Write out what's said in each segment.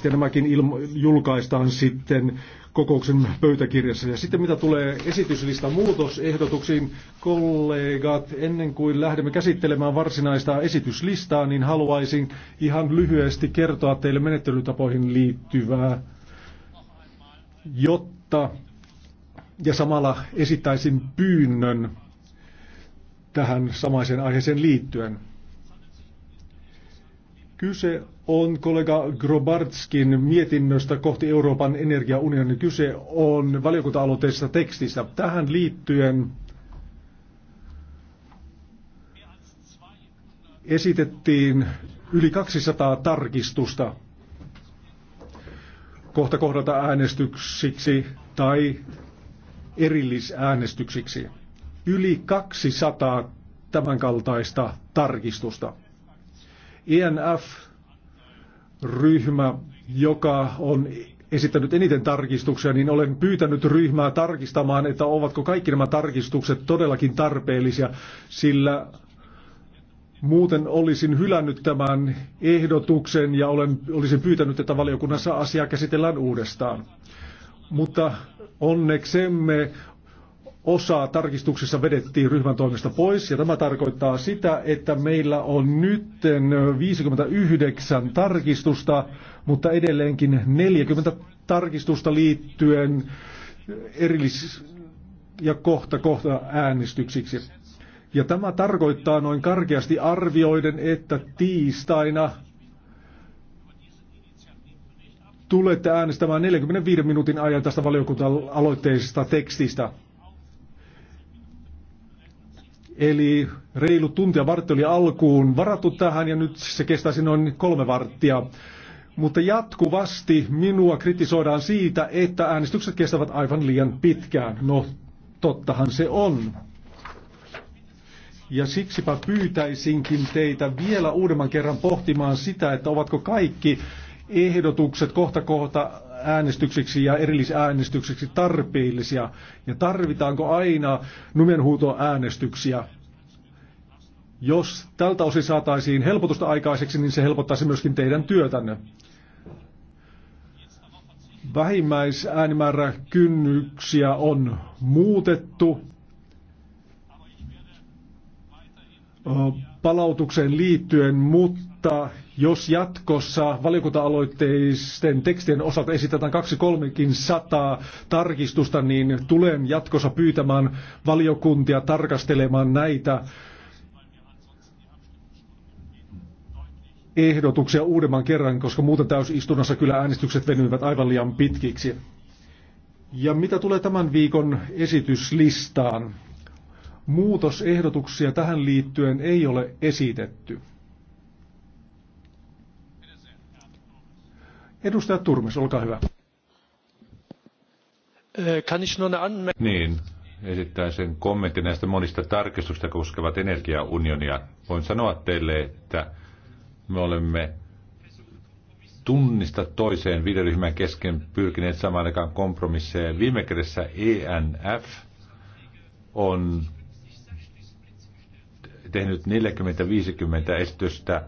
sitten nämäkin ilmo- julkaistaan sitten kokouksen pöytäkirjassa. Ja sitten mitä tulee esityslistan muutosehdotuksiin, kollegat, ennen kuin lähdemme käsittelemään varsinaista esityslistaa, niin haluaisin ihan lyhyesti kertoa teille menettelytapoihin liittyvää, jotta ja samalla esittäisin pyynnön tähän samaiseen aiheeseen liittyen. Kyse on kollega Grobartskin mietinnöstä kohti Euroopan energiaunionin. Kyse on valiokunta tekstissä. Tähän liittyen esitettiin yli 200 tarkistusta kohta kohdata äänestyksiksi tai erillisäänestyksiksi. Yli 200 tämänkaltaista tarkistusta. INF-ryhmä, e joka on esittänyt eniten tarkistuksia, niin olen pyytänyt ryhmää tarkistamaan, että ovatko kaikki nämä tarkistukset todellakin tarpeellisia, sillä Muuten olisin hylännyt tämän ehdotuksen ja olen, olisin pyytänyt, että valiokunnassa asiaa käsitellään uudestaan. Mutta onneksemme osa tarkistuksissa vedettiin ryhmän toimesta pois, ja tämä tarkoittaa sitä, että meillä on nyt 59 tarkistusta, mutta edelleenkin 40 tarkistusta liittyen erillis- ja kohta kohta äänestyksiksi. Ja tämä tarkoittaa noin karkeasti arvioiden, että tiistaina tulette äänestämään 45 minuutin ajan tästä valiokunta-aloitteisesta tekstistä. Eli reilu tuntia vartti oli alkuun varattu tähän ja nyt se kestäisi noin kolme varttia. Mutta jatkuvasti minua kritisoidaan siitä, että äänestykset kestävät aivan liian pitkään. No, tottahan se on. Ja siksipä pyytäisinkin teitä vielä uudemman kerran pohtimaan sitä, että ovatko kaikki ehdotukset kohta kohta äänestykseksi ja erillisäänestykseksi tarpeellisia? Ja tarvitaanko aina numenhuutoäänestyksiä? Jos tältä osin saataisiin helpotusta aikaiseksi, niin se helpottaisi myöskin teidän työtänne. Vähimmäisäänimääräkynnyksiä kynnyksiä on muutettu. palautukseen liittyen, mutta jos jatkossa valiokunta-aloitteisten tekstien osalta esitetään 2300 3 sataa tarkistusta, niin tulen jatkossa pyytämään valiokuntia tarkastelemaan näitä ehdotuksia uudemman kerran, koska muuten täysistunnossa kyllä äänestykset venyvät aivan liian pitkiksi. Ja mitä tulee tämän viikon esityslistaan? Muutosehdotuksia tähän liittyen ei ole esitetty. Edustaja Turmes, olkaa hyvä. Äh, niin, esittäisin kommentin näistä monista tarkistuksista koskevat energiaunionia. Voin sanoa teille, että me olemme tunnista toiseen videoryhmän kesken pyrkineet samaan aikaan kompromisseja. Viime kädessä ENF on tehnyt 40-50 esitystä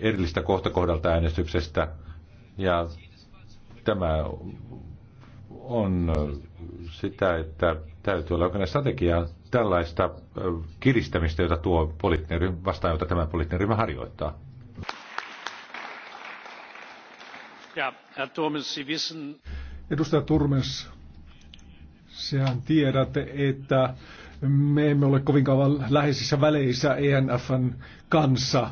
erillistä kohtakohdalta äänestyksestä – ja tämä on sitä, että täytyy olla jokainen strategia tällaista kiristämistä, jota tuo poliittinen ryhmä, vastaan, jota tämä poliittinen ryhmä harjoittaa. Ja, ja Turmes, wissen... Edustaja Turmes, sehän tiedätte, että me emme ole kovinkaan läheisissä väleissä ENFn kanssa.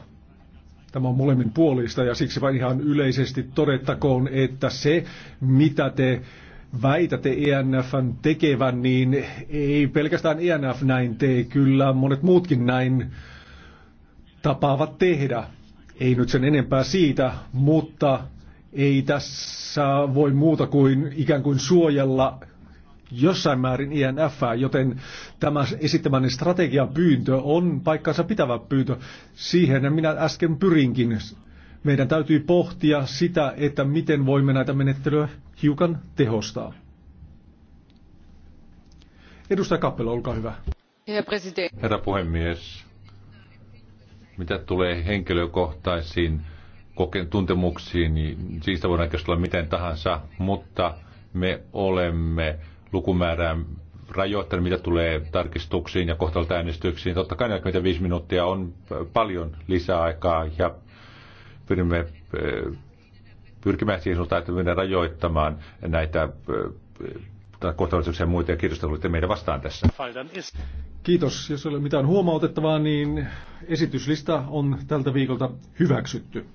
Tämä on molemmin puolista ja siksi vain ihan yleisesti todettakoon, että se mitä te väitätte ENFn tekevän, niin ei pelkästään ENF näin tee, kyllä monet muutkin näin tapaavat tehdä. Ei nyt sen enempää siitä, mutta ei tässä voi muuta kuin ikään kuin suojella jossain määrin INF, joten tämä esittämäni strategian pyyntö on paikkansa pitävä pyyntö. Siihen minä äsken pyrinkin. Meidän täytyy pohtia sitä, että miten voimme näitä menettelyä hiukan tehostaa. Edustaja Kappelo, olkaa hyvä. Herra puhemies, mitä tulee henkilökohtaisiin koken tuntemuksiin, niin siitä voidaan keskustella miten tahansa, mutta me olemme Lukumäärään rajoittanut, mitä tulee tarkistuksiin ja kohtalta äänestyksiin. Totta kai 45 minuuttia on paljon lisäaikaa ja pyrimme eh, pyrkimään siihen suuntaan, että pyrimme rajoittamaan näitä eh, kohtalaisuuksia ja muita ja kiitos, että meidän vastaan tässä. Kiitos. Jos ei ole mitään huomautettavaa, niin esityslista on tältä viikolta hyväksytty.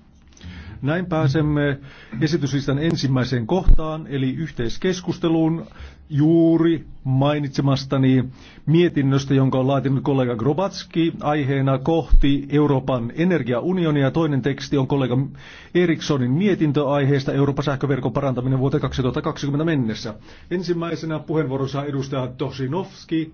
Näin pääsemme esityslistan ensimmäiseen kohtaan, eli yhteiskeskusteluun juuri mainitsemastani mietinnöstä, jonka on laatinut kollega Grobatski aiheena kohti Euroopan energiaunionia. toinen teksti on kollega Erikssonin mietintö aiheesta Euroopan sähköverkon parantaminen vuoteen 2020 mennessä. Ensimmäisenä puheenvuorossa edustaja Tosinovski.